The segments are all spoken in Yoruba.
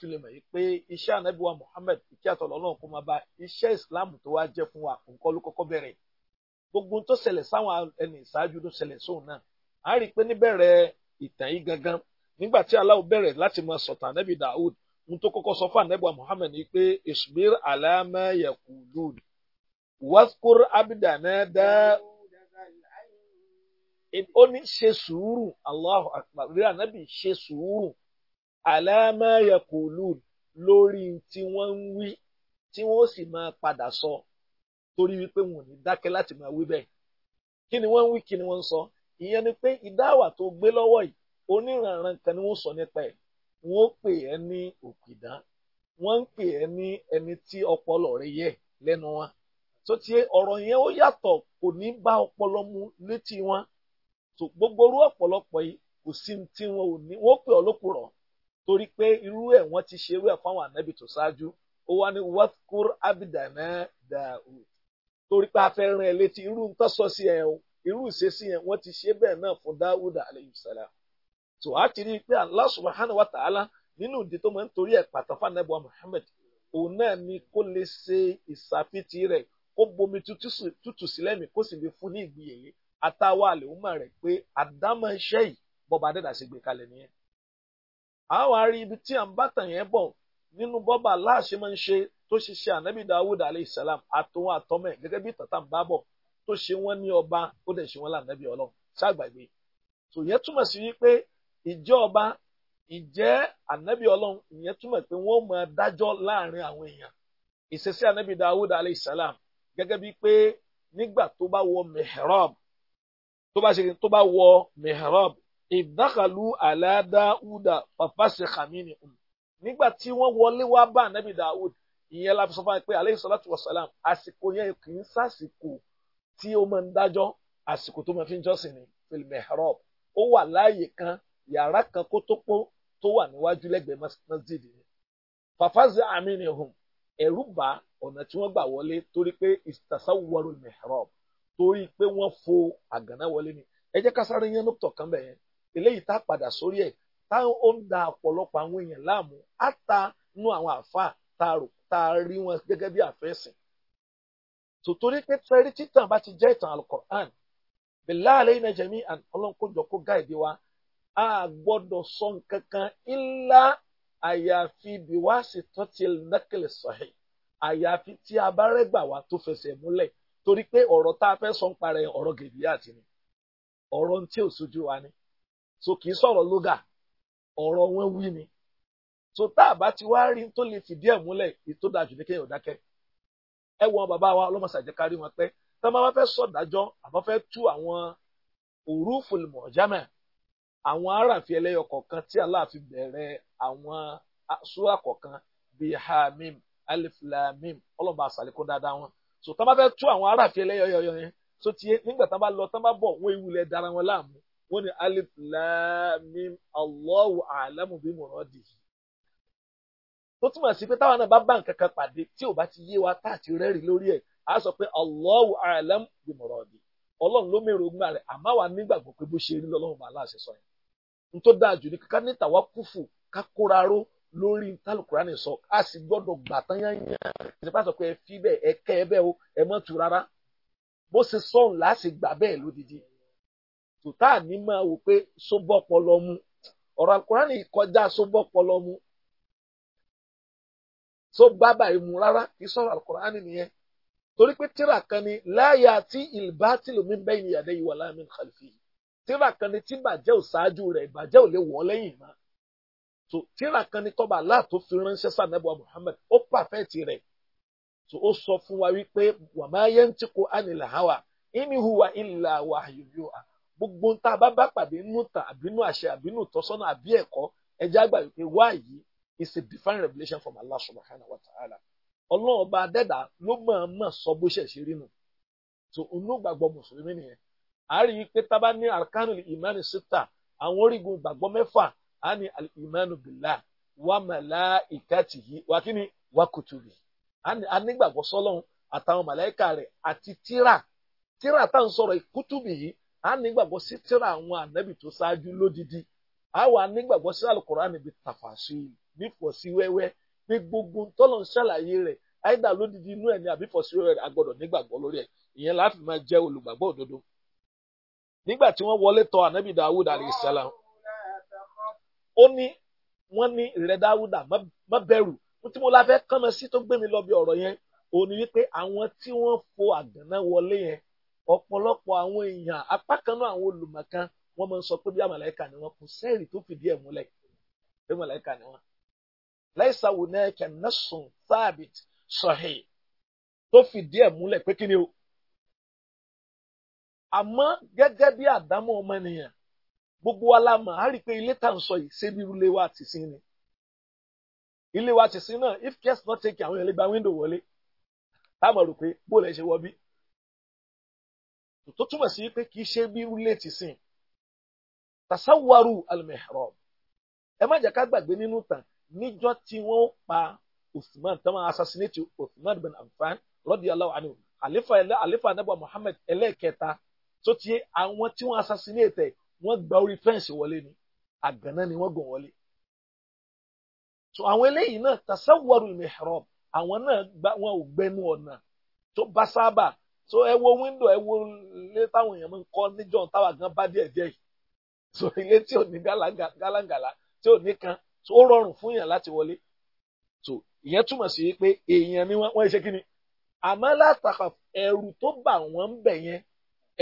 fi lè mọ̀ yìí pé iṣẹ́ anabiwa Muhammad kí àtọ̀lọ́ náà kó máa bá iṣẹ́ Islam tó wá jẹ́ fún wa nǹkan ló gbogbo tó ṣẹlẹ̀ sáwọn ẹni ìṣáájú ló ṣẹlẹ̀ sóun náà a rí i pé níbẹ̀rẹ̀ ìtàn yìí gangan nígbà tí Allah bẹ̀rẹ̀ láti máa sọ̀tàn anabi Dawud n tó kọ́kọ́ sọ fún anabiwa Muhammad ni pé isbir waskur da ó ní ṣe sùúrù rí anabi ṣe àlàámá yaqulun lórí tí wọ́n ń wí tí wọ́n sì máa padà sọ torí wípé wọn ò ní dákẹ́ láti máa wí bẹ́ẹ̀ kí ni wọ́n ń wí kí ni wọ́n ń sọ ìyẹn ni pé ìdáwà tó gbé lọ́wọ́ yìí oníranran kan ni wọ́n sọ nípa ẹ̀ wọ́n pè ẹ́ ní òpìdán wọ́n ń pè ẹ́ ní ẹni tí ọpọlọ rẹ̀ yẹ lẹ́nu wọn tó ti ọ̀rọ̀ yẹn ó yàtọ̀ kò ní bá ọpọlọ mu létí wọn tó gbogbo orú ọ̀pọ̀lọpọ̀ yìí kò sí tí wọn ò ní wọ́n pè ọ́ lókùrọ̀ torí pé irú ẹ̀ wọ́n ti ṣerú ẹ̀ fáwọn ànábì tó ṣáájú ó wá ní wadhkur abdana Daud torí pé a fẹ́ rán ẹ létí irú ń tọ́sọ sí ẹ o irú ìṣesí yẹn wọ́n ti ṣe bẹ́ẹ̀ náà fún Dawud alayhi salam tó a ti rí i pé Allah subhanahu wa ta'ala nínú ìdí tó máa ń torí ẹ̀ pàtó fanabu Muhammad òun náà ni kó lè ṣe ìṣàfitì rẹ̀ kó bomi tútù sílẹ̀ mi kó sì lè fún ní ìgbìyànjú àtàwọn àlèhùnmá rẹ̀ pé àdámọ̀ iṣẹ́ yìí bọ́ba adẹ́dà gbé kalẹ̀ nìyẹn a wá rí ibi tí à ń bàtàn yẹn bọ̀ nínú bọ́bà láàṣẹ máa ń ṣe tó ṣe ànábì dawud aleyhisselam àtòun àtọmẹ gẹ́gẹ́ bí tàtà ń bá bọ̀ tó ṣe wọ́n ní ọba ó dẹ̀ ṣe wọ́n lànàbì ọlọ́run ṣàgbàgbé tò yẹn túmọ̀ sí wípé ìjẹ́ ọba ìjẹ́ ànábì ọlọ́run ìyẹn túmọ̀ pé wọ́n máa dájọ́ láàrin àwọn èèyàn ìṣesí ànábì dawud aleyhisselam gẹ́gẹ́ bí pé nígbà tó bá wọ mihrab tó bá ṣe tó bá wọ mihrab ìdákàlù àlàdáúdà pàfàṣẹ kàmínì um nígbà tí wọ́n wọlé wá bá ànábì dáúd ìyẹn la fi sọ fún wa pé aleyhi salatu wa salam àsìkò yẹn kì í sàsìkò tí ó máa ń dájọ́ àsìkò tó máa fi ń jọ́sìn ní fil-mihrab ó wà láàyè kan yàrá kan kó tó pọ̀ tó wà níwájú lẹ́gbẹ̀ẹ́ masjid ni pàfàṣẹ àmínì um ẹ̀rù bà ọ̀nà tí wọ́n gbà wọlé torí pé istasawwaru al-mihrab torí pé wọ́n fo àgànná ni ẹ jẹ́ ká sáré yẹn lóòótọ́ kan bẹ̀ yẹn eléyìí tá a padà sórí ẹ̀ tá ó ń da ọ̀pọ̀lọpọ̀ àwọn èèyàn láàmú á ta nú àwọn àáfàá tá a rí wọn gẹ́gẹ́ bí àfẹ́sìn. tòtórí pé tẹ́rí títàn bá ti jẹ́ ìtàn alukoran bẹ̀lá àlẹ́ iná jẹ̀mí ọlọ́nkójọ kó gá ìdí wa a gbọ́dọ̀ sọ nǹkan kan ńlá àyàfi bíwáṣì tó ti nẹ́kẹ̀lẹ̀ sọ̀hìn àyàfi tí a bá rẹ́gbà wá tó fẹsẹ̀ múlẹ̀ torí pé ọ̀rọ̀ tá a fẹ́ sọ ń parẹ́ ọ̀rọ̀ gèdè àti ni ọ̀rọ̀ tí ò sójú wa ni so kì í sọ̀rọ̀ lóga ọ̀rọ̀ wọn wí ni so tá a bá ti wá rí tó lè fìdí ẹ̀ múlẹ̀ ètò dájú ní kéèyàn dákẹ́ ẹ wọ bàbá wa ọlọ́mọṣàjẹ́ kárí wọn pẹ́ tá a bá fẹ́ sọ̀dájọ́ àbá fẹ́ tú àwọn uruful mu'jama àwọn aráàfin ẹlẹ́yọ kọ̀ọ̀kan tí Allah fi bẹ̀rẹ̀ àwọn súrà kọ̀ọ̀kan bíi hamim alif ọlọ́mọ àṣàlẹ́kọ́ dáadáa wọn so tá a bá fẹ́ tú àwọn aráàfin ẹlẹ́yọ yẹn so tiẹ̀ nígbà tá a bá lọ tá a bá bọ̀ wọ́n ewu dára wọn láàmú wọ́n ní alif lamim allahu alamu bi muradihi. tó túmọ̀ náà bá bá nǹkan pàdé tí ò ti yé wa tá àti lórí ẹ̀ á sọ pé allahu ọlọ́run ló mèrò ogun rẹ̀ àmọ́ nígbàgbọ́ pé bó ṣe rí bàálà ṣe sọ yẹn. n tó dáa jù ní kíkà ní tàwa kúfù ká kóra ró lórí tálùkùránì sọ a sì gbà tán yányán sọ pé ẹ fi ẹ ẹ o ẹ mọ́ tu rárá bó ṣe tòtá ní máa wò pé sóbọ̀ pọlọ mu ọ̀rọ̀ alukurani kọjá sóbọ̀ pọlọ mu tó bá báyìí mu rárá kì í sọ̀rọ̀ alukurani nìyẹn torí pé tíra kan ni láyà tí ìbátìlù mi bẹ́ẹ̀ ni yàdé ìwà láàmì kàlífì tíra kan ni tí bàjẹ́ ò ṣáájú rẹ̀ ìbàjẹ́ ò lè wọ́ lẹ́yìn mọ́ so tíra kan ni tọ́ba aláà tó fi ránṣẹ́ sànẹ́bọ̀ Muhammad ó pàfẹ́ẹ̀tì rẹ̀ so ó sọ fún wa wípé wàmáyé ń ìníhùwà ìlà wàhálà gbogbo tá a bá bá pàdé nínú tàn àbínú àṣẹ àbínú tọ́sọ́nà àbí ẹ̀kọ́ ẹja àgbà wípé wá yìí is a divine revelation from Allah subhanahu wa ta'ala ọlọ́run ọba adẹ́dà ló máa ń mọ̀ sọ bó ṣe ṣe rí nù tó onú gbàgbọ́ mùsùlùmí nìyẹn a rí i pé tábà ní arkanu imanu sita àwọn orígun gbàgbọ́ mẹ́fà á ní imanu billah wa malaikatihi wa kíni wa kutubi á ní gbàgbọ́ sọ́lọ́run àtàwọn màláìka rẹ̀ àti tíra tíra tá à ń sọ̀rọ̀ kutubi yìí a nígbàgbọ́ sí tírà àwọn ànábì tó ṣáájú lódidi a wà nígbàgbọ́ sí alukoran níbi tàfàṣì nífọ̀sí wẹ́wẹ́ bí gbogbo tọ́lọ̀ ń ṣàlàyé rẹ̀ àìdá lódidi inú ẹ̀ ní àbífọ̀sí wẹ́wẹ́ rẹ̀ agbọ́dọ̀ nígbàgbọ́ lórí ẹ̀ ìyẹn láti máa jẹ́ olùgbàgbọ́ òdodo nígbà tí wọ́n wọlé tọ̀ ànábì dawud alayhisalam ó ní wọ́n ní rẹ̀ dawud má bẹ̀rù tí mo la fẹ́ sí tó gbé mi lọ bí ọ̀rọ̀ yẹn òun ni wípé àwọn tí wọ́n fo àgànná wọlé yẹn ọ̀pọ̀lọpọ̀ àwọn èèyàn apá kan náà àwọn olùmọ̀kan wọ́n máa ń sọ pé bí àmàlẹ́kà ni wọ́n kò sẹ́ẹ̀rì tó fìdí ẹ̀ múlẹ̀ bí àmàlẹ́kà ni wọ́n. láìsà wò náà kẹ́ nẹ́sùn sáàbìt sọ̀hìn tó fìdí ẹ̀ múlẹ̀ pé kí ni o. àmọ́ gẹ́gẹ́ bí àdámọ́ ọmọnìyàn gbogbo wa la mọ̀ á rí i pé ilé tá à ń sọ yìí ṣé bírú ilé wa ti sin ni. ilé wa ti sin náà if guest not take àwọn èèyàn gba window wọlé táwọn rò pé bó lè ṣe wọ bí tó túmọ̀ sí pé kì í ṣe bí rúlé ti sìn tasawaru al-mihrab ẹ má jẹ́ ká gbàgbé nínú tàn níjọ́ tí wọ́n pa Uthman tó assassinate Uthman bin Affan radiyallahu anhu àlefa àlefa anabu Muhammad ẹlẹ́ẹ̀kẹta tó ti àwọn tí wọ́n assassinate wọ́n gba orí fẹ́ǹsì wọlé ni àgànná ni wọ́n gùn wọlé so àwọn eléyìí náà tasawaru al-mihrab àwọn náà wọn ò gbẹnu ọ̀nà tó bá sábà so ẹ wo wíńdò ẹ wo ilé táwọn èèyàn máa ń kọ́ níjọ́ táwa gan bá díẹ̀ díẹ̀ yìí so ilé tí ò ní gálàngàlà tí ò ní kan so ó rọrùn fún èèyàn láti wọlé so ìyẹn túmọ̀ sí pé èèyàn ni wọ́n ṣe kí ni àmọ́ látàkà ẹ̀rù tó bà wọ́n ń bẹ̀ yẹn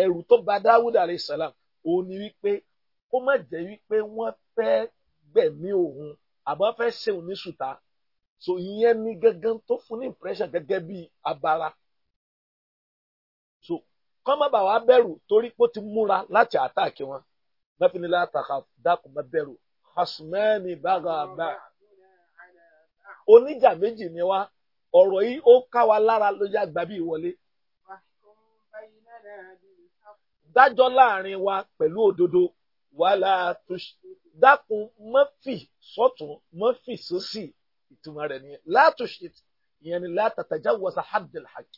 ẹ̀rù tó bà Dáwúdà alayhi salam òun ni wípé kó má jẹ́ wípé wọ́n fẹ́ gbẹ̀mí òun àbọ̀ fẹ́ ṣe òun ní ṣùtá so ìyẹn ni gangan tó fún ní impression gẹ́gẹ́ bíi abara so kán má bàa wá bẹ̀rù torí pé ó ti múra láti àtàkì wọn mẹ́fìnilá àtàkà dákun má bẹ̀rù hasmẹ́ni bàgàbà oníjà méjì ni wá ọ̀rọ̀ yìí ó ká wa lára ló yá gbà bí ìwọlé dájọ́ láàrin wa pẹ̀lú òdodo wàhálà dákun mọ́fì sọ́tún mọ́fì sósì ìtumọ̀ rẹ̀ nìyẹn látòṣìṣì ìyẹn ni látàtàjà wọ́sà hadil haq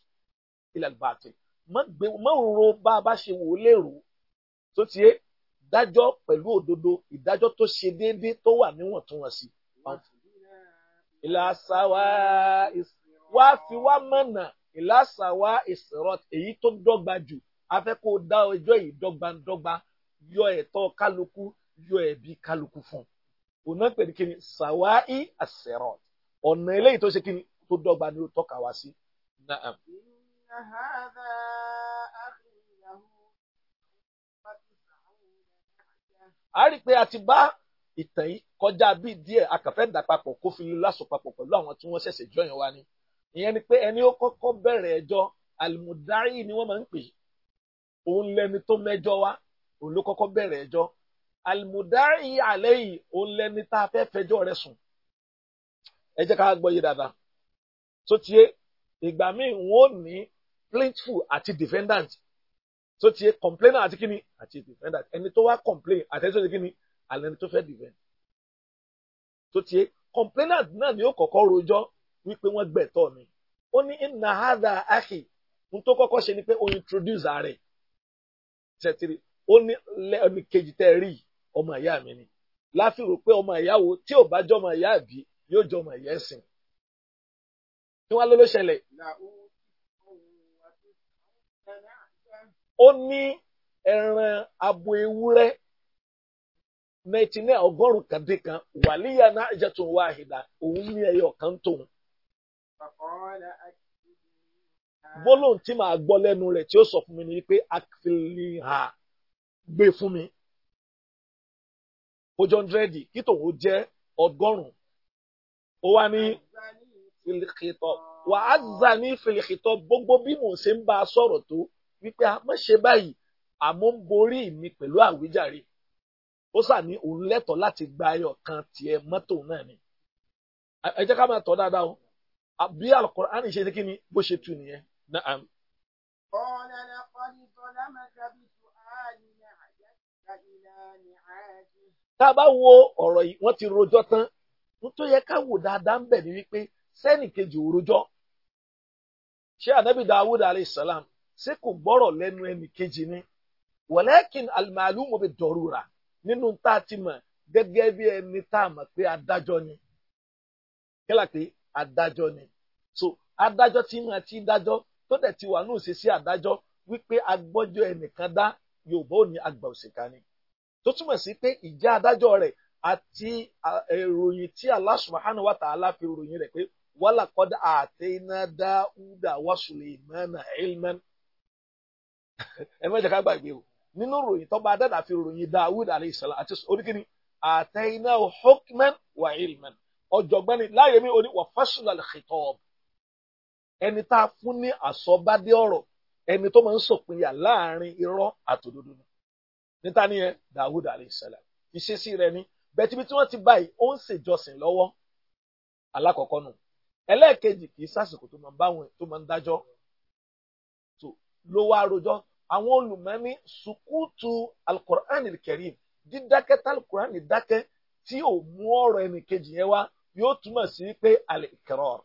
ilal batil mọ́ ro bá a bá ṣe wò ó lérò tó ti yé dájọ́ pẹ̀lú òdodo ìdájọ́ tó ṣe déédéé tó wà níwọ̀ntúnwọ̀nsì. ìlàsàwà wá fi wá mọ̀nà ìlàsàwà ìsìrọ̀t èyí tó dọ́gba jù a fẹ́ kó o dá ẹjọ́ yìí dọ́gbandọ́gba yọ ẹ̀tọ́ kálukú yọ ẹ̀bi kálukú fún un. òun náà pè ní sàwáì àsẹ̀rọ̀t ọ̀nà eléyìí tó ṣe kíni tó dọ́gba ni ó tọ́ka wá sí. هذا a rí i pé a ti bá ìtàn yìí kọjá bíi díẹ̀ a kàn fẹ́ dà papọ̀ kó fi lásò papọ̀ pẹ̀lú àwọn tí wọ́n ṣẹ̀ṣẹ̀ jọyàn wa ni ìyẹn ni pé ẹni ó kọ́kọ́ bẹ̀rẹ̀ ẹjọ́ àlùmùdáì ni wọ́n máa ń pè òun lẹni tó mẹ́jọ wá òun ló kọ́kọ́ bẹ̀rẹ̀ ẹjọ́ àlùmùdáì àlẹ́ yìí òun lẹni tá a fẹ́ fẹjọ́ rẹ̀ sùn ẹ jẹ́ ká gbọ́ yé dáadáa tó tiẹ̀ ìgbà míì wọ́n ní plaintful àti defendant tó ti complainer àti kíni àti defendant ẹni tó wá complain àtẹni tó ti kíni àlẹni tó fẹ́ defend tó ti complainer náà ni ó kọ́kọ́ rojọ́ wípé wọ́n gbẹ̀tọ́ mi ó ní inna hadha akhi n tó kọ́kọ́ ṣe ni pé ó introduce ààrẹ ṣètìrì ó ní lẹ́ẹ̀mí kejì tẹ́ rí ọmọ ìyá mi ni láfi pé ọmọ ìyá wo tí ò bá jọmọ ìyá àbí yóò jọmọ ìyá ẹ̀sìn kí wọ́n ló ló ṣẹlẹ̀. ó ní ẹran abo ewúrẹ́ nẹtìní ọgọ́rùn kan dín kan wàlíyà náà jẹ́ tó wá àhìdá òun ní ẹyọ kan tóun. bólóhùn tí màá gbọ́ lẹ́nu rẹ̀ tí ó sọ fún mi ni pé akfiliha gbé fún mi kí tòun jẹ́ ọgọ́rùn-ún ó gbogbo bí mò ń ń bá wípé a mọ̀ ṣe báyìí àmọ́ ń borí mi pẹ̀lú àwíjàre ó sà ní òun lẹ́tọ̀ọ́ láti gba ayọ̀ kan tiẹ̀ mọ́tò náà ni ẹ jẹ́ ká máa tọ́ dáadáa o bí Al-Qur'ani ṣe kí ni bó ṣe tu nìyẹn. قال لقد ظلمك بسؤال نعجتك إلى نعاجه tá a bá wo ọ̀rọ̀ yìí wọ́n ti rojọ́ tán ohun tó yẹ ká wò dáadáa ń bẹ̀ ni wípé sẹ́nìkejì ò rojọ́ ṣé ànábì Dawud alayhi ṣé kò gbọ́rọ̀ lẹ́nu ẹnì kejì ni walakin al-ma'lumu nínú tá ti mọ̀ gẹ́gẹ́ bí ẹni tá a mọ̀ pé adájọ́ ni kílà pé adájọ́ ni so adájọ́ tí mo ti dájọ́ tó dẹ̀ ti wà náà sí adájọ́ wípé agbọ́jọ́ ẹnìkan dá Yorùbá ò ní àgbà ni tó túmọ̀ sí pé ìjẹ́ adájọ́ rẹ̀ àti ìròyìn tí ẹ má jẹ́ ká gbàgbé o nínú ròyìn tọ́ba dáadáa fi ròyìn Dawud alayhi salam àti oníkìní àtẹ̀yìnà hukman wa ilman ọ̀jọ̀gbẹ́ni láàyè mi oní wà fásilal khitab ẹni tá a fún ní àsọ̀bádé ọ̀rọ̀ ẹni tó máa ń sòpinya láàrin irọ́ àtòdodo níta ni ẹ Dawud alayhi salam ìṣesí rẹ̀ ni bẹ́ẹ̀ tíbi tí wọ́n ti báyìí ó ń ṣèjọsìn lọ́wọ́ alákọ̀ọ́kọ́ nù ẹlẹ́ẹ̀kejì kì í sásìkò tó máa ń dájọ́ ló wá rojọ́ àwọn olùmọ́ni sukutu alukur'an karim dídákẹ́ talukur'an dákẹ́ tí ò mú ọ̀rọ̀ ẹnì kejì yẹn wá yóò túmọ̀ sí pé al-iqrar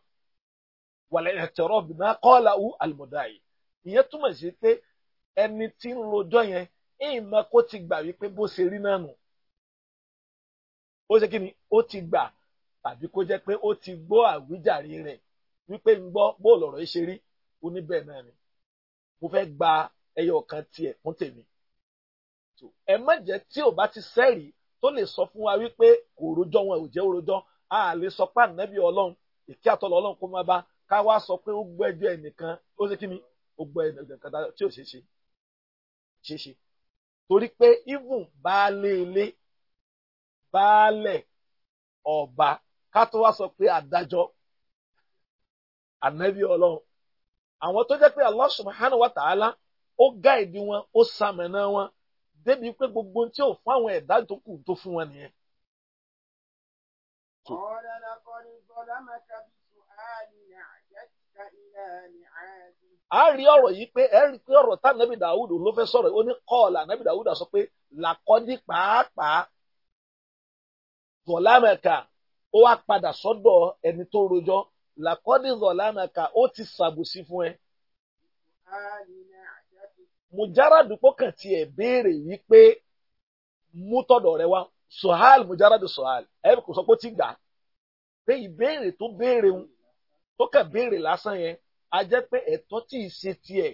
wal-i'tiraf bima qalahu al-mudda'i ìyẹn túmọ̀ sí pé ẹni tí ń rojọ́ yẹn ìmọ̀ kó ti gbà wípé bó ṣe rí náà nù ó ṣe kí ni ó ti gbà tàbí kó jẹ́ pé ó ti gbọ́ àwíjàre rẹ̀ wípé ń gbọ́ bó lọ̀rọ̀ yìí ṣe rí oníbẹ̀ náà ni mo fẹ́ gba ẹyọ kan tiẹ̀ fún tèmi. ẹ má jẹ́ tí ò bá ti sẹ́rìí tó lè sọ fún wa wípé kò rojọ́ wọn ò jẹ́ òrojọ́ a lè sọ pé ànábì ọlọ́run ìkí àtọ́lọ́ ọlọ́run kó máa bá ká wá sọ pé ó gbọ́ ẹjọ́ ẹnìkan ó ṣe kí ni ó gbọ́ ẹnìkan tí ò ṣeé ṣe ṣeé ṣe torí pé even baálé ilé baálẹ̀ ọba ká tó wá sọ pé adájọ́ ànábì ọlọ́run àwọn tó jẹ́ pé Allah subhanahu wa ta'ala ó gáìdì wọn ó sàmẹ̀nà wọn débi pé gbogbo tí ò fún àwọn ẹ̀dá tó kù tó fún wọn nìyẹn. a rí ọ̀rọ̀ yìí pé ẹ rí pé ọ̀rọ̀ tá nàbì dàwùd ló fẹ́ sọ̀rọ̀ ó ní sọ pé làkọ́dí pàápàá padà sọ́dọ̀ ẹni tó rojọ́ làkọ́dí zọ̀lánàkà ó ti ṣàbùsí fún ẹ. mujaradu pọ́kàn tiẹ̀ béèrè wípé mú tọ̀dọ̀ rẹ wá sohal mujaradu sohal ẹ kò sọ pé ó ti gbà pé ìbéèrè tó béèrè ń tó kàn béèrè lásán yẹn a jẹ́ pé ẹ̀tọ́ tí ì ṣe tiẹ̀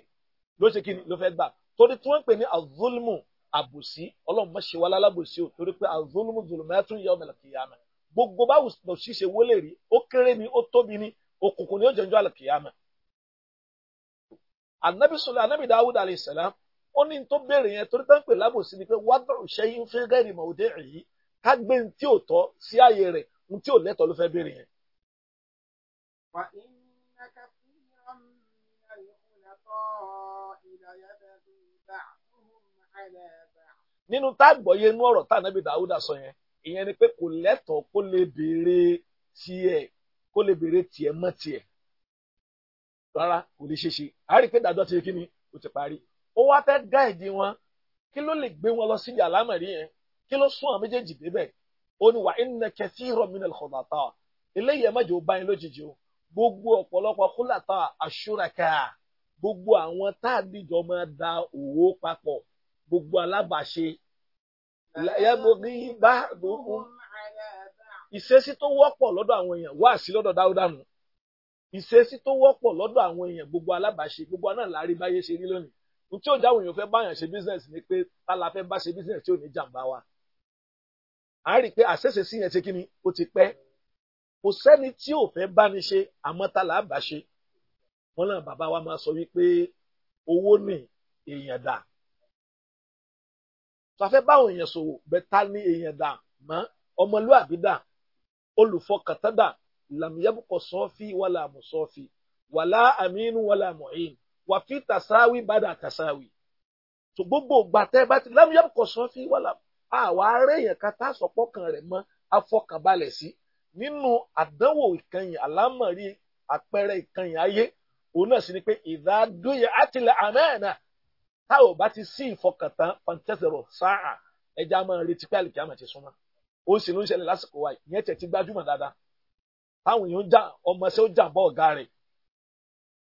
ló ṣe kí ni ló fẹ́ gbà torí tí wọ́n ń pè ní azulmu àbùsí ọlọ́run má ṣe wá lálábùsí o torí pé azulmu zulumẹ́tún yawm al-qiyamah gbogbo báwo lọ ṣíṣe wó lè rí ó kéré ni ó tóbi ni òkùnkùn ni ó jẹ́ ń jọ àlùkìyàmà. anabi sọlá anabi dawud alayhisalaam ó ní tó béèrè yẹn torí tán pè lábòsí ni pé wádùn ṣẹ́yìn fi gẹ́rì mọ̀ọ́dẹ́ èyí ká gbé ní tí ò tọ́ sí ààyè rẹ̀ ní tí ò lẹ́tọ̀ọ́ ló fẹ́ béèrè yẹn. wà á ní káfíń rán inú ọ̀rọ̀ tá ànábì Dáúdà sọ yẹn ìyẹn ni pé kò lẹ́tọ̀ọ́ kó lè béèrè tiẹ̀ kó lè béèrè tiẹ̀ mọ́ tiẹ̀ rárá kò lè ṣeéṣe a rí i pé dàjọ́ ti kí ni o ti parí ó wá fẹ́ gáìdì wọn kí ló lè gbé wọn lọ síbi àlámọ̀rí yẹn kí ló sún àwọn méjèèjì débẹ̀ ó ní wà inna kathiran minal khulata eléyìí ẹ má jẹ́ lójijì o gbogbo ọ̀pọ̀lọpọ̀ khulata ashuraka gbogbo àwọn táàdìjọ máa da òwò papọ̀ gbogbo alábàáṣe yaboghi ba'duhum ìṣesí tó wọ́pọ̀ lọ́dọ̀ àwọn èèyàn wá sí lọ́dọ̀ dáúdà nù ìṣesí tó wọ́pọ̀ lọ́dọ̀ àwọn èèyàn gbogbo alábàáṣe gbogbo náà láàrin báyé ṣe rí lónìí n tí ò já àwọn fẹ́ báyàn ṣe business ni pé ta la fẹ́ bá ṣe business tí ò ní jàǹbá wa à ń rí i pé àṣẹṣe sí yẹn ṣe kí ni ó ti pẹ́ kò sẹ́ni tí ò fẹ́ bá ní ṣe àmọ́ ta là bá ṣe wọn náà bàbá wa máa sọ wípé owó ni èèyàn dà so afẹ́ báwọn èèyàn sòwò bẹ́ẹ̀ ta ni èèyàn dà mọ́ ọmọlúwàbí dà olùfọkàntán dà làmìyẹ́bùkọ̀ sọ́ọ́fì wàlà àmùsọ́ọ́fì wàlà àmínú wàlà àmùhìn wàfi tàsáwì bàdà tàsáwì so gbogbo gbàtẹ́ bá ti làmìyẹ́bùkọ̀ sọ́ọ́fì wàlà àwa aré èèyàn kan tá a sọ̀pọ̀ kan rẹ̀ mọ́ afọkànbalẹ̀ sí nínú àdánwò ìkànnì àlámọ̀rí àpẹẹrẹ ìkànnì ayé òun náà sì ni pé ìdádúyẹ àtìlẹ̀ àmẹ́ẹ̀nà tá ò bá ti sí ìfọkàntán pàǹtẹ́sẹ̀rọ̀ sáà ẹja máa retí pé àlìkíyàmọ̀ ti súnmọ́ ó sì ló ń ṣẹlẹ̀ lásìkò wa ìyẹn tẹ̀ ti gbajúmọ̀ dáadáa táwọn èèyàn já ọmọọṣẹ́ ó jàǹbá ọ̀gá rẹ̀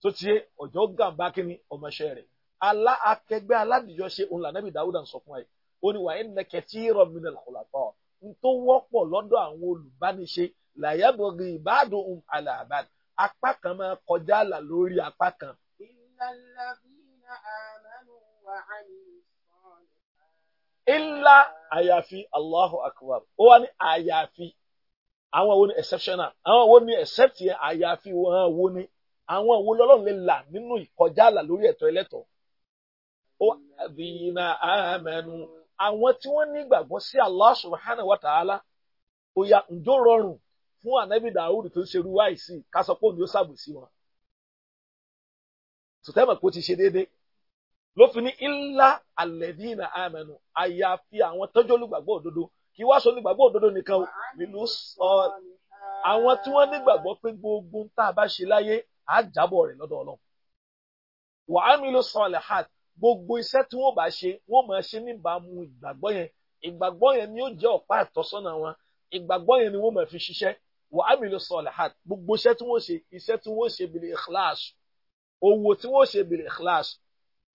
tó ti yé ọ̀jọ́ gàǹbá kínní ọmọọṣẹ́ rẹ̀ alá akẹgbẹ́ aládìjọṣe òun lànàbì Dáúdà ń sọ fún ẹ ó ní wàá ẹnìyàn kẹtí rọ mi nàlẹ kọlàtọ n tó wọ́pọ̀ lọ́dọ̀ àwọn olùbániṣe làyàbọgì ìbádùn um apá kan máa kọjá àlà lórí apá kan. ìlànà bí àná ilá ayafi Allahu akbar ó wá ní àyàfi àwọn wo ni exceptional awon wo ni except yẹn àyàfi wọn wo ni àwọn wo lọ́lọ́run lè là n'inu ìkọjá àlà lórí ẹ̀tọ́ ẹlẹ́tọ̀ọ́ ó àbíyínà àmẹ́nu àwọn tí wọ́n ní ìgbàgbọ́ sí Allah subhanahu wa ta'ala ó yà ǹjọ́ rọrùn fún anabi dawud tó ń ṣerú wáìsì ká sọ pé òun yóò ti ló fi ní illa alladhina amanu àyàfi àwọn tọ́jú olùgbàgbọ́ òdodo kí wá sọ olùgbàgbọ́ òdodo nìkan o nílùú sọ àwọn tí wọ́n nígbàgbọ́ pé gbogbo ń tá a bá ṣe láyé á jábọ̀ rẹ̀ lọ́dọ̀ ọlọ́run wa amilu salihat gbogbo iṣẹ́ tí wọ́n bá ṣe wọ́n máa ṣe níbàámu ìgbàgbọ́ yẹn ìgbàgbọ́ yẹn ni ó jẹ́ ọ̀pá àtọ́sọ́nà wọn ìgbàgbọ́ yẹn ni wọ́n máa fi ṣiṣẹ́ wa amilu salihat gbogbo iṣẹ́ tí wọ́n ṣe iṣẹ́ tí wọ́n ṣe bil ikhlas owó tí wọ́n ṣe bil ikhlas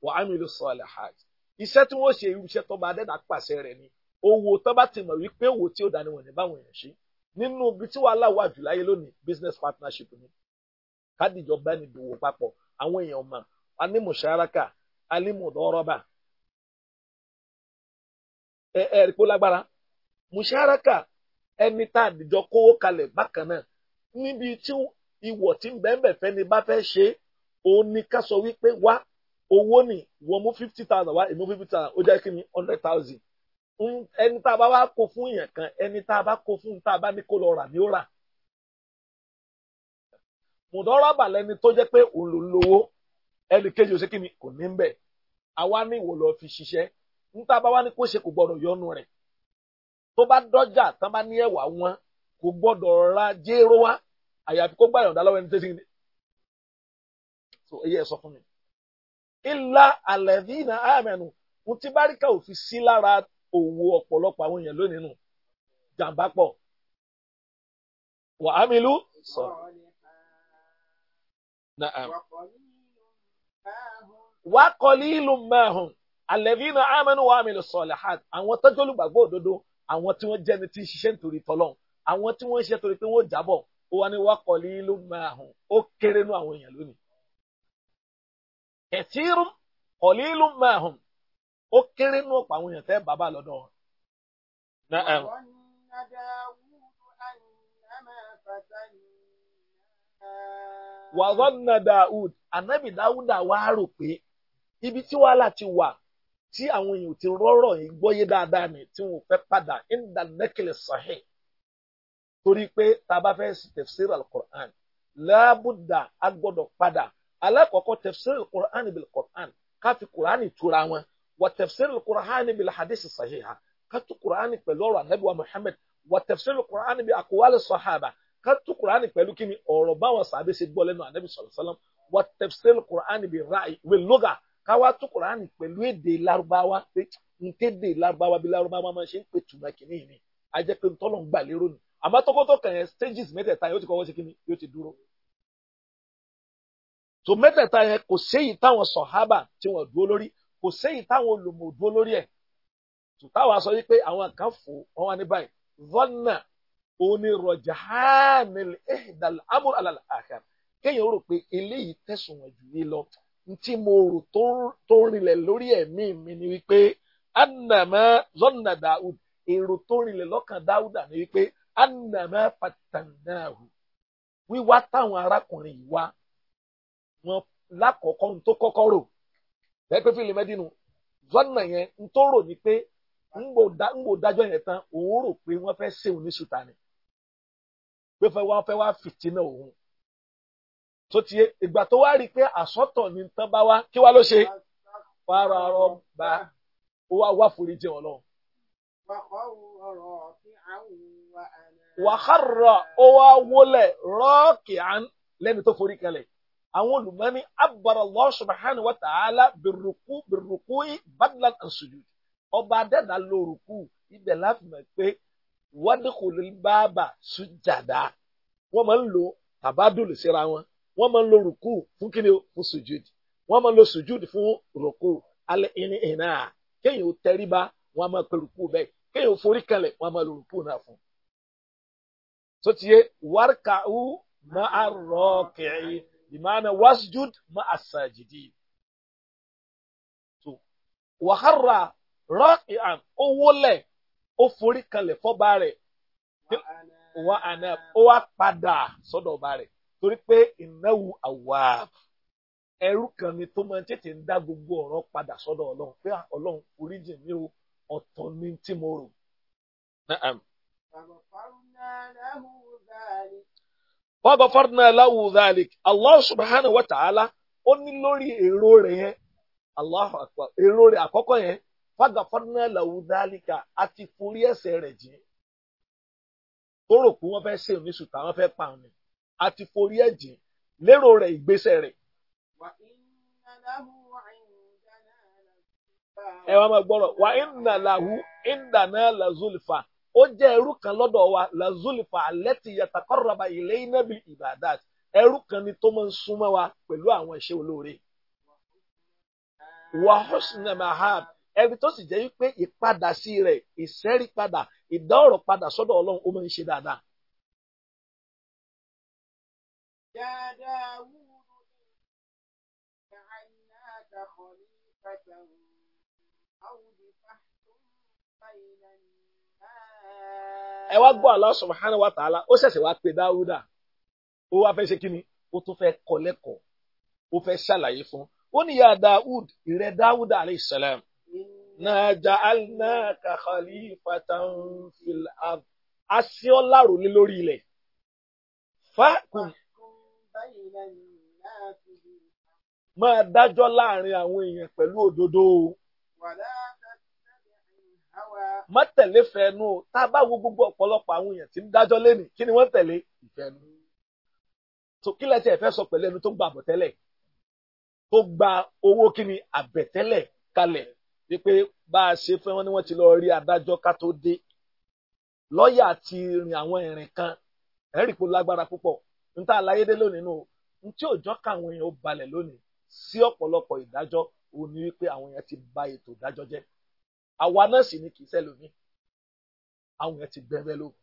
wà á mi lọ sọ àlẹ́ iṣẹ́ tí wọ́n ṣe irú iṣẹ́ tó bá dẹ́dà pàṣẹ rẹ̀ ni owó tó bá ti mọ̀ wípé owó tí ó dání wọ̀nyí báwọn èèyàn ṣe nínú ibi tí wàhálà wà lónìí business partnership ni kádìjọ bá ní papọ̀ àwọn èèyàn mọ̀ anímọ̀ ẹ ẹ rí ẹni tá àdìjọ kówó kalẹ̀ bákan náà ni ká sọ wípé wá owó ni wọ́n mú fifty thousand wá èmi fifty thousand ó jẹ́ kí ni hundred thousand ẹni tá a bá wá kó fún èèyàn kan ẹni tá a bá kó fún tá a bá ní kó lọ rà ní ó rà mùdọ́rọ́bà lẹni tó jẹ́ pé òun ló lówó ẹnì kejì ò sí kí ni kò ní bẹ̀ àwa ní ìwò lọ fi ṣiṣẹ́ ń tá a bá wá ní kó ṣe kò gbọ́dọ̀ yọnu rẹ̀ tó bá dọ́jà tán bá ní ẹ̀wà wọn kò gbọ́dọ̀ ra jéró wá àyàfi kó gbàyànjá lọ́wọ́ ẹni tẹ́sí ni so eyín ẹ sọ fún mi ilá àlẹ́dínà àmẹ́nu ohun tí báríkà ò fi sí lára òwò ọ̀pọ̀lọpọ̀ àwọn èèyàn lónìí nù jàǹbá pọ̀ wàhámilú sọ. wákọ̀lì ìlú mẹ́hùn àlẹ́dínà àmẹ́nu wàhámilú sọ̀lẹ̀ hàt àwọn tọ́jú olùgbàgbọ́ òdodo àwọn tí wọ́n jẹ́ni tí ń ṣiṣẹ́ nítorí tọ́lọ́n àwọn tí wọ́n ń ṣiṣẹ́ torí pé wọ́n jábọ̀ ó wá ní wákọ̀lì ìlú mẹ́hùn ó kéré nú àwọn èèyàn lónìí. kẹ̀tìrù kọ̀lílù ilu ó kéré nù ọ̀pọ̀ àwọn èèyàn tẹ́ bàbá lọ́dọ̀ wọn. wàzọ́nà Dawud anabi Dawuda wá rò pé ibi tí wàhálà ti wà tí àwọn èèyàn ti rọ́rọ̀ yìí dáadáa ni tí wọn inda torí pé tá a bá fẹ́ al-Qur'an alákọ̀ọ́kọ́ tafsir quran bil quran ká fi quran tura wọn wà tafsir quran bil hadith sahiha ká tu quran pẹ̀lú ọ̀rọ̀ anabi wa muhammad wà tafsir quran bi akwali sahaba ká tu quran pẹ̀lú kí ni ọ̀rọ̀ báwọn sàbẹ̀ ṣe gbọ́ lẹ́nu anabi sallallahu alaihi wasallam wà tafsir quran bi ra'i bil lugha ká wá tu quran pẹ̀lú èdè larubawa pé nkéde larubawa bí larubawa máa ṣe ń pè tùmọ̀ kìnìún ni ajẹ́ pé ntọ́lọ́ ń gbà lérò ni àmọ́ tókótó kàn yẹn stages mẹ́tẹ̀ẹ̀ta yóò ti kọ́kọ́ ṣe kí yóò ti dúró. tó mẹ́tẹ̀ẹ̀ta yẹn kò séyìí táwọn sọ̀hábà tí wọ́n dúró kò séyìí táwọn olùmọ̀ dúró lórí ẹ̀ tó táwọn sọ wípé àwọn kan fò wọn wá ní báyìí zọ́nà onírọ̀jàánil ehdal amúr alal kéèyàn rò pé eléyìí tẹ̀sùn lọ ntí mo rò tó rinlẹ̀ lórí ẹ̀mí mi ni wípé zọ́nà èrò tó rinlẹ̀ lọ́kàn wípé wíwá táwọn arákùnrin yìí wọn lákọ̀ọ́kọ́ ń tó kọ́kọ́ rò bẹ́ẹ̀ pé fílẹ̀ mẹ́dínú zọ́nà yẹn ń tó rò ní pé ń gbò dájọ́ yẹn tán òun rò pé wọ́n fẹ́ ṣe òun ní ṣùtà ni pé fẹ́ wọ́n fẹ́ wá fìtínà òun tó ti ìgbà tó wá rí i pé àsọ̀tọ̀ ni tán bá wá kí wá ló ṣe fara ọ̀rọ̀ bá ó wá wá foríjì Ọlọ́run. wàhálà ó wá wólẹ̀ rọ́ọ̀kì án lẹ́ni tó forí kalẹ̀ àwọn olùmọ́ni abara Allah subhanahu wa ta'ala bìrùkú bìrùkú badlan àṣùjù ọba adẹ́dà lórúkú ibẹ̀ láti mọ̀ pé wádìkùlù báàbà sùjàdá wọ́n máa ń lo tàbádùlù síra wọn wọ́n máa ń lo rùkú fún kíni fún sùjúdì wọ́n máa ń lo sùjúdì fún rùkú alẹ́ ìní ìná kéèyàn ó tẹríba wọ́n máa pe rùkú bẹ́ẹ̀ kéèyàn forí kalẹ̀ wọ́n máa lo rùkú náà fún. tó ti yé wárkàú máa rọ̀ kẹ́yìn. bi ma'ana wasjud ma'as sajidin di wa kharra raqi'an ó wólẹ̀ ó forí kanlẹ̀ fọ́ba rẹ̀ wa ana ó wá padà sọ́dọ̀ ọba rẹ̀ torí pé innahu awwab ẹrú kan ni tó máa ń tètè ń dá gbogbo ọ̀rọ̀ padà sọ́dọ̀ ọlọ́run pé ah, ọlọ́run oríjì mi ò ọ̀tọ̀ ni tí mo rò. fagafarna lahu dhalik allah subhanahu wa ta'ala ó ní lórí èrò rẹ̀ yẹn allah èrò rẹ̀ àkọ́kọ́ yẹn fagafarna lahu dhalika àti forí ẹ̀ṣẹ̀ rẹ̀ jì tó rò pé wọ́n fẹ́ ṣe oníṣùtà wọ́n fẹ́ pa òní àti forí ẹ̀ jì lérò rẹ̀ ìgbésẹ̀ rẹ̀. ẹ gbọ́rọ̀ wà lahu ó jẹ́ ẹrú kan lọ́dọ̀ wa lazulfa alẹ́tì yàtàkọ́rọ̀bà ilé inábì ibadat ẹrú kan ni tó máa ń súnmọ́ wa pẹ̀lú àwọn iṣẹ́ olóore. wàhùsùnà mahab ẹni tó sì jẹ́ wípé ìpadà sí rẹ̀ ìsẹ́rí padà ìdá padà sọ́dọ̀ ọlọ́run ó máa ń ṣe dáadáa. خليفة أو بفحت بين الناس ẹ wá gbọ́ Allah subhanahu wa ta'ala ó ṣẹ̀ṣẹ̀ wá pe dáúdà ó wá fẹ́ ṣe kí ni ó tún fẹ́ kọ́ lẹ́kọ̀ọ́ ó fẹ́ ṣàlàyé fún ó ní ya dáúd ìrẹ dáúdà alayhi salam inna ja'alnaka khalifatan fil ard aṣíọ́lá lórí ilẹ̀ fákùn máa dájọ́ láàrin àwọn èèyàn pẹ̀lú òdodo. wàlá tẹ̀sílẹ̀ ìhàwá má tẹ̀lé fẹ́ẹ́nu o tá a bá wo gbogbo ọ̀pọ̀lọpọ̀ àwọn èèyàn tí ń dájọ́ lẹ́nu kí ni wọ́n tẹ̀lé ìfẹ́nu. so kí lẹ́tí ẹ̀ fẹ́ sọ pẹ̀lú ẹni tó gba àbọ̀tẹ́lẹ̀ tó gba owó kí ni àbẹ̀tẹ́lẹ̀ kalẹ̀ wípé bá a ṣe fẹ́ wọn ni wọ́n ti lọ rí adájọ́ ká tó dé lọ́ọ̀yà ti rìn àwọn ìrìn kan ẹ̀rí kò lágbára púpọ̀ n tá a láyé dé lónìí nù n tí òòjọ́ káwọn èèyàn balẹ̀ lónìí sí ọ̀pọ̀lọpọ̀ ìdájọ́ òun wípé àwọn èèyàn ti bà ètò ìdájọ́ jẹ́ àwa náà sì ni kì í sẹ́lómi àwọn yẹn ti gbẹ́rẹ́ lóko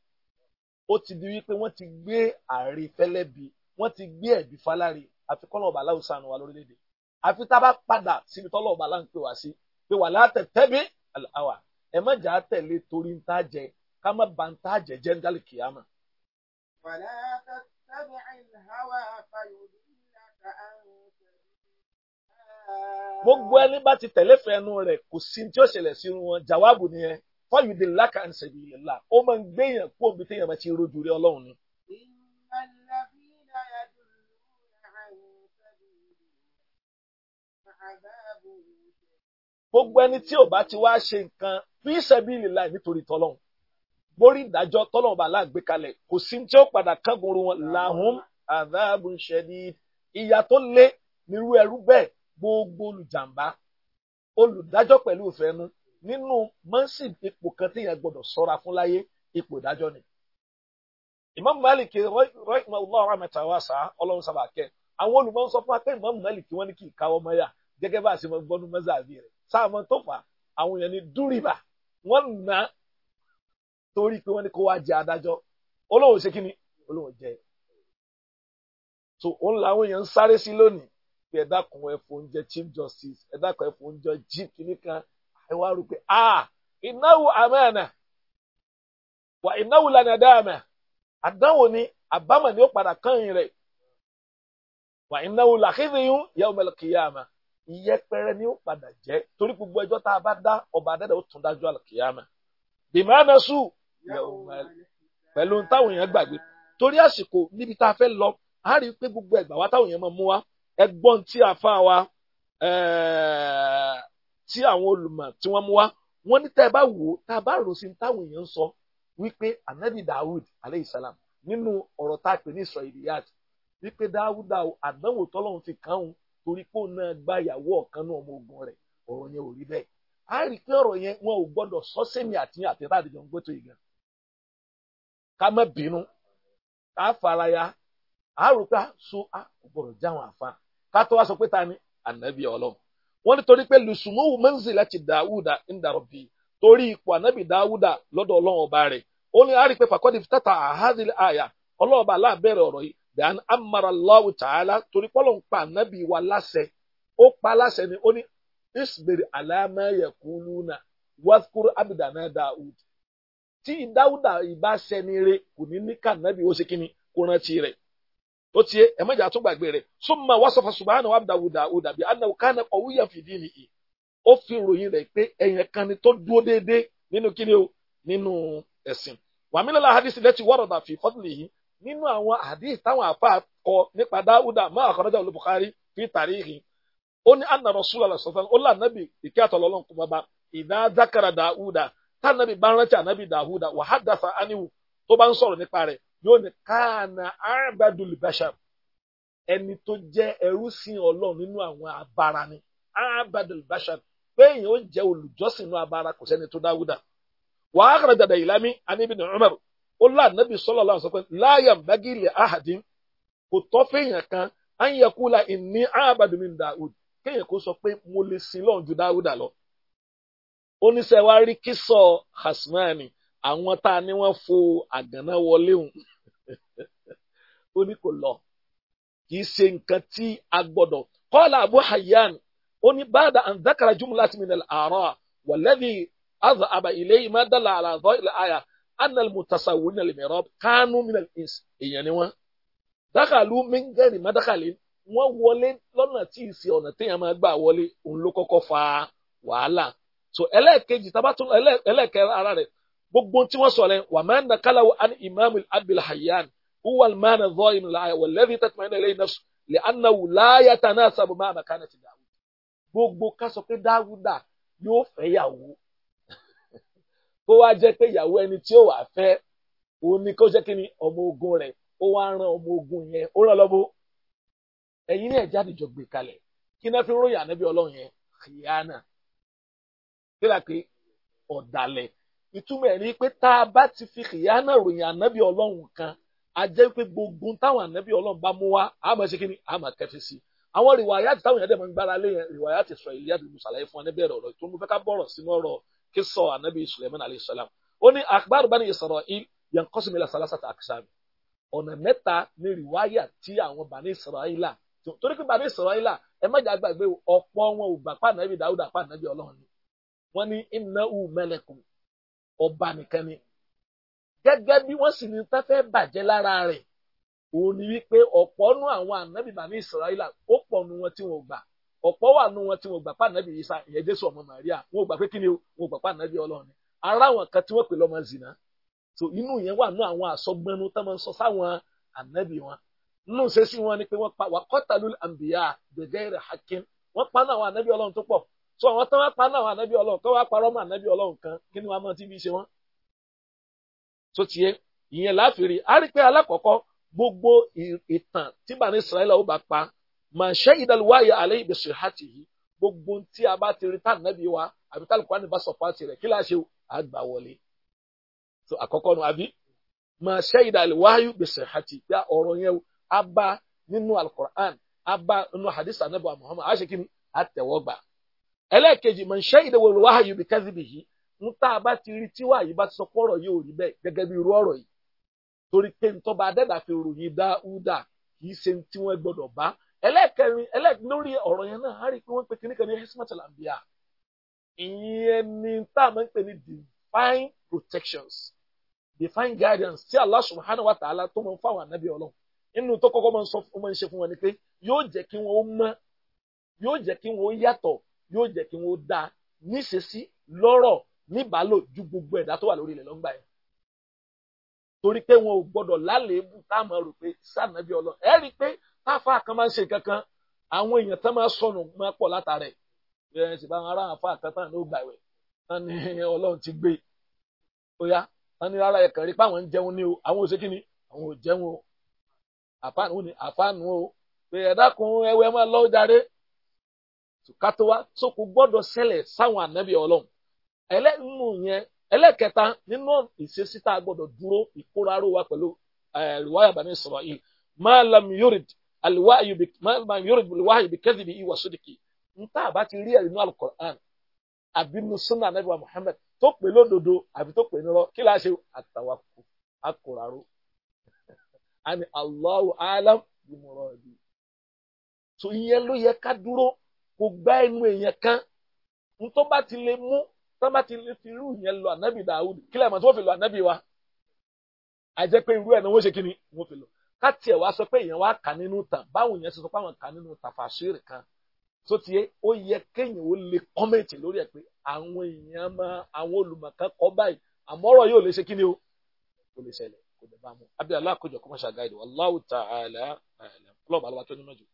ó ti di wípé wọ́n ti gbé ààrẹ fẹ́lẹ́bi wọ́n ti gbé ẹ̀bí faláre àfi kọ́nà ọ̀bà aláwọ̀ sànù wa lórílẹ̀‐èdè àfi tá a bá padà síbi tọ́lọ̀ ọ̀bà aláwọ̀ ń wá sí pé wà látẹ̀ tẹ́bí àwà ẹ má jà á tẹ̀lé torí ń tá jẹ ká má ba ń tá jẹ jẹ́ ń dálì kìámà. wà látẹ̀ tẹ́bí àìlè gbogbo ẹni bá ti tẹ̀lé fẹ́nu rẹ̀ kò sí tí ó ṣẹlẹ̀ sí wọn jàwáàbù nìyẹn fọyín de ńlá kan ṣẹbi ilẹ̀ ńlá ó máa ń gbéyàn kó omi téèyàn bá ti rojú rí ọlọ́run ni. gbogbo ẹni tí ò bá ti wá ṣe nǹkan fi ṣẹbi ilẹ̀ ńlá nítorí tọ́lọ́run borí ìdájọ́ tọ́lọ́run bá láàgbé kalẹ̀ kò sí tí ó padà kángun wọn làhùn àdáàbùn ṣẹ̀dí ìyà tó lé nírú ẹrú bẹ́ẹ̀ gbogbo olùjàmbá olùdájọ́ pẹ̀lú ìfẹ́nu nínú mọ́nsìn ipò kan téèyàn gbọ́dọ̀ sọ́ra fún láyé ipò ìdájọ́ ni. Imam Malik rahimahullah rahmatan wasa ọlọ́run sábà kẹ́ àwọn olùmọ̀ ń sọ fún wa pé Imam Malik wọ́n ní kí ìkáwọ́ mọ́yà gẹ́gẹ́ bá a ṣe mọ gbọ́dún mọ́sàbí rẹ̀ sáàmọ́ tó fà àwọn èèyàn ní dúrìbà wọ́n nà torí pé wọ́n ní kó wá jẹ adájọ́ olóhùn ṣe kí ni olóhùn jẹ. so òun làwọn èèyàn ń sáré sí lónìí pé ẹ dákun ẹ fóúnjẹ chief justice ẹ dákun ẹ fóúnjẹ chief kìnìkan ẹ wá pé ah ìnáwó amẹ́ẹ̀nà wà ìnáwó lànà dáàmẹ́ àdánwò ni àbámọ̀ ni ó padà kàn yín rẹ̀ wà ìnáwó làkìdìyún yawm al-qiyama ìyẹpẹrẹ ni ó padà jẹ́ torí gbogbo ẹjọ́ tá a bá dá ọba adẹ́dẹ́ ó tún dájú al-qiyama bìmọ̀ ẹ̀ náà sùn pẹ̀lú táwọn èèyàn gbàgbé torí àsìkò níbi tá a fẹ́ lọ a rí i pé gbogbo ẹgbàá wa táwọn èèyàn máa mú wa ẹgbọ́n tí àáfàá wa eh, tí àwọn olùmọ̀ tí wọ́n mú wá wọ́n ní tẹ́ ẹ bá wò ó tá a bá rò sí táwọn èèyàn ń sọ wípé anabi dawud aleyhisselam nínú ọ̀rọ̀ tá a pè ní israeliyat wípé dawud àdánwò tọ́lọ́run fi kàn án torí pé òun náà gba ìyàwó ọ̀kan náà ọmọ ogun rẹ̀ ọ̀rọ̀ yẹn ò rí bẹ́ẹ̀ a rí pé ọ̀rọ̀ yẹn wọn ò gbọ́dọ̀ sọ sẹ́mi àtìyàn àti tá àdìjọ ń gbé tó yìí gan ká má bínú ká fara ya a rò pé a so a kò gbọ́dọ̀ já wọn àfa ká tó wá sọ pé ta ni ànábì ọlọ́run wọ́n ní torí pé lùsùmọ́wù manzilati dáwúdà inda rabbi torí ipò ànábì dáwúdà lọ́dọ̀ ọlọ́run ọba rẹ̀ ó ní àárí pé fàkọ́dì tata àhádìl àyà ọlọ́run ọba aláàbẹ̀rẹ̀ ọ̀rọ̀ yìí dan amara Allahu ta'ala torí pọ́lọ̀ ń pa ànábì wa láṣẹ ó pa láṣẹ ni ó ní isbiri alama yakuluna wadhkur abdana dáwúd tí dáwúdà ìbá ṣẹni re kò ní ní kànábì ó ṣe kíni kó rántí rẹ̀ ó ti yé ẹ mẹ́jà tó gbàgbé rẹ̀ summa wasafa subhanahu abdahu dawuda bi annahu kana qawiyyan fi dinihi ó fi ròyìn rẹ̀ pé ẹ̀yàn kan ni tó dúró déédéé nínú kíni o nínú ẹ̀sìn wàmílẹ́lá hadith lẹ́tí warada fi fadlihi nínú àwọn hadith táwọn àfa kọ nípa dáúdà máa àkọ́rọ́jà olùbùkárí fi tarihi ó ní anna rasulullah sallallahu ó lànàbì ìkẹ́ àtọ̀lọ́lọ́n kò bàbá zakara dáúdà tánàbì bá rántí ànàbì dáúdà wàhádàfà ániwù tó bá ń yóò ní káàna arbadul bashar ẹni tó jẹ́ ẹrú sìn ọlọ́run nínú àwọn abara ni arbadul bashar pé èèyàn ó jẹ́ olùjọ́sìn nínú abara kò sẹ́ni tó dáwúdà wà á kàrà dàdà ìlàmí aníbi ní Umar ó lá nàbì sọ́lọ́ láwọn sọ pé láyà mbágìlì ahadin kò tọ́ fẹ́yàn kan á ń yẹkú la ìní arbadul min Daud kéèyàn kó sọ pé mo lè sìn lọ́run ju dáwúdà lọ oníṣẹ́ wa rí kí sọ hasmani àwọn tá a ní wọ́n fo àgànná wọlé hùn ó ní kò lọ kì í ṣe nǹkan tí a gbọ́dọ̀ kọ́lá abu hayyan ó ní báàdà an dhakara jumlatan min al-ara walladhi azhaba ilayhi ma dalla ala zahir al-aya anna al-mutasawwirin al-mihrab kanu min al-ins èèyàn ni wọ́n dákàlú min ghairi madkhalin wọlé lọ́nà tí ì sí ọ̀nà téèyàn máa gbà wọlé òun ló kọ́kọ́ fa wàhálà so ẹlẹ́ẹ̀kejì tabatun ẹlẹ́ẹ̀kẹ́ ara rẹ̀ gbogbo tí wọ́n sọ̀rọ̀ wà máa ń nàkàlà wọ an imam abil hayyan uwal maana zọ́ọ̀yìn láàyè wà lẹ́bi tẹ́tùmọ̀ iná lẹ́yìn nafsu lè anna wù láyà tà náà sábà máa màkà náà ti dàwù. gbogbo ká pé dáwùdà yóò fẹ́ yàwó kó wá jẹ́ pé yàwó ẹni tí ó wà fẹ́ òun ni kó jẹ́ kí ni ọmọ ogun rẹ̀ ó wá ran ọmọ ogun yẹn ó ràn lọ́bọ̀ ẹ̀yin ní ẹ̀já àdìjọ gbé kalẹ̀ kí náà fi ròyìn ànábì ọlọ́run yẹn kìíyànà kí ìtumọ̀ ẹ̀ ni pé tá a bá ti fi kìyànà ròyìn ànábì ọlọ́run kan a jẹ́ pé gbogbo táwọn ànábì ọlọ́run bá mú wá a máa ṣe kíni a máa kẹ́fí sí i àwọn rìwàyàtì táwọn èèyàn dẹ̀ máa ń gbára lé yẹn rìwàyàtì sọ ìlíyà tó ṣàlàyé fún wa níbẹ̀ ọ̀rọ̀ tó ń fẹ́ ká bọ̀rọ̀ sínú ọ̀rọ̀ kí sọ ànábì Sulaiman alayhi salam ó ní akhbar bani ní rìwáyà tí àwọn wọ́n ní innahu malakun ọba nìkan ni gẹ́gẹ́ bí wọ́n sì ní tán fẹ́ lára rẹ̀ òun ni wípé ọ̀pọ̀ nù àwọn ànábì bàmí ìsirayílà ó pọ̀ nù wọn tí wọn ò gbà ọ̀pọ̀ wà nù wọn tí wọn ò gbà pa ànábì Ìsá ìyẹn Jésù ọmọ Màríà wọn gbà pé kí ni wọn ò gbà pa ànábì Ọlọ́run ni ara àwọn kan tí wọ́n pè lọ́mọ zina so inú yẹn wà nù àwọn àsọgbẹnu tó máa ń sọ sáwọn ànábì wọn nù sẹ́sì wọn ni pé wọ́n pa wàkọ́tàlú àǹbíyà gbẹ̀gẹ́rẹ̀ hakim wọ́n pa náà àwọn ànábì Ọlọ́run tó pọ̀ so àwọn tán wá pa náà ànábì ọlọ́run kán wá parọ́ mọ́ ànábì ọlọ́run kan kí ni wọ́n á mọ tí fi ṣe wọ́n. tó tiẹ̀ ìyẹn láfìrí a rí pé alákọ̀ọ́kọ́ gbogbo ìtàn tí bàní israẹlà ó bá pa mà ṣe ìdálùwáyà alẹ́ ìbẹ̀sẹ̀ hàtì yìí gbogbo tí a bá ti rí tá ànábì wa àbí tá àlùkò ànìbá sọ̀pá tirẹ̀ kí láṣẹ àgbà wọlé. so àkọ́kọ́ nu àbí mà ṣe ìdálùwáyà ìbẹ̀sẹ̀ hàtì pé ọ̀rọ̀ yẹn a bá nínú alukur'an a bá nínú hadith ànábì wa Muhammad a ṣe kí ni àtẹ̀wọ́gbà ẹlẹ́ẹ̀kejì man shahida wal wahyu bi kadhibihi ń tá a bá ti rí tíwá yìí bá ti sọ pọ́rọ̀ yìí ò rí bẹ́ẹ̀ gẹ́gẹ́ bí irú ọ̀rọ̀ yìí torí pé ntọ́ba adẹ́dà fi ròyìn Dáúdà kì í ṣe tí wọ́n gbọ́dọ̀ bá ẹlẹ́ẹ̀kẹrin ẹlẹ́ẹ̀kẹrin lórí ọ̀rọ̀ yẹn náà a pé wọ́n pe kíníkan ní hesmatel ìyẹn ni tá a máa ń pè ní protections divine guidance tí Allah subhanahu wa ta'ala tó máa ń fáwọn ànábì ọlọ́run inú tó kọ́kọ́ máa ń ṣe fún yóò jẹ́ kí wọ́n dáa níṣesí lọ́rọ̀ níbàálò ju gbogbo ẹ̀dá tó wà lórí ilẹ̀ lọ́ngbà yẹn torí pé wọn ò gbọdọ̀ lálébù táwọn rò pé sànàbí ọlọ́run ẹ rí i pé táfà kan máa ń ṣe kankan àwọn èèyàn tán máa sọnù máa pọ̀ látàrẹ̀ ẹ sì bá wọn ará àfa kan tán ló gbàwẹ̀ tán ni ọlọ́run ti gbé ó yá tán ni rárá ẹ̀kàn rí páwọn ń jẹun ní o àwọn ò ṣe kí ni àwọn ò jẹun o àfáànù ni àfáànù o pé ẹ̀dá kun ẹwẹ́ máa lọ jàre kátó wá sóko gbọ́dọ̀ ṣẹlẹ̀ sáwọn ànábì ọlọ́run ẹlẹ́nu yẹn ẹlẹ́kẹta nínú ìṣesí tá a gbọ́dọ̀ dúró ìkóraró wa pẹ̀lú eh, riwaya bani Israil ma lam yurid alwahyu bi kadhibi wa sidqi nta bá ti rí ẹ̀rí sunna wa tó pè lódodo àbí tó pè kí láṣẹ àtàwàkù akóraró àmì Allahu alam ló yẹ ká dúró kò gbá ẹnu èèyàn kan ní tó bá ti lè mú tó bá ti lè fi irú yẹn lọ ànábì Dawud kílẹ̀ mọ̀ tí wọ́n fi lọ ànábì wa àìjẹ́ pé irú ẹ̀ náà wọ́n ṣe kí ni wọ́n fi lọ ká tiẹ̀ wá sọ pé èèyàn wá kà nínú tàn báwọn yẹn ṣe sọ pé àwọn kà nínú tàfàṣírì kan tó tiẹ̀ ó yẹ kéèyàn ó lè kọ́mẹ̀tì lórí ẹ̀ pé àwọn èèyàn máa àwọn olùmọ̀kan kọ́ báyìí àmọ́ yóò lè ṣe kí ni o kò lè ṣẹlẹ̀ kò lè bá mu abdulayi alákòjọ kọ́mọ̀ṣà gáìdì wallahu ta'ala àlẹ́ ọlọ́ọ̀bà alábàtọ́ nínú jù.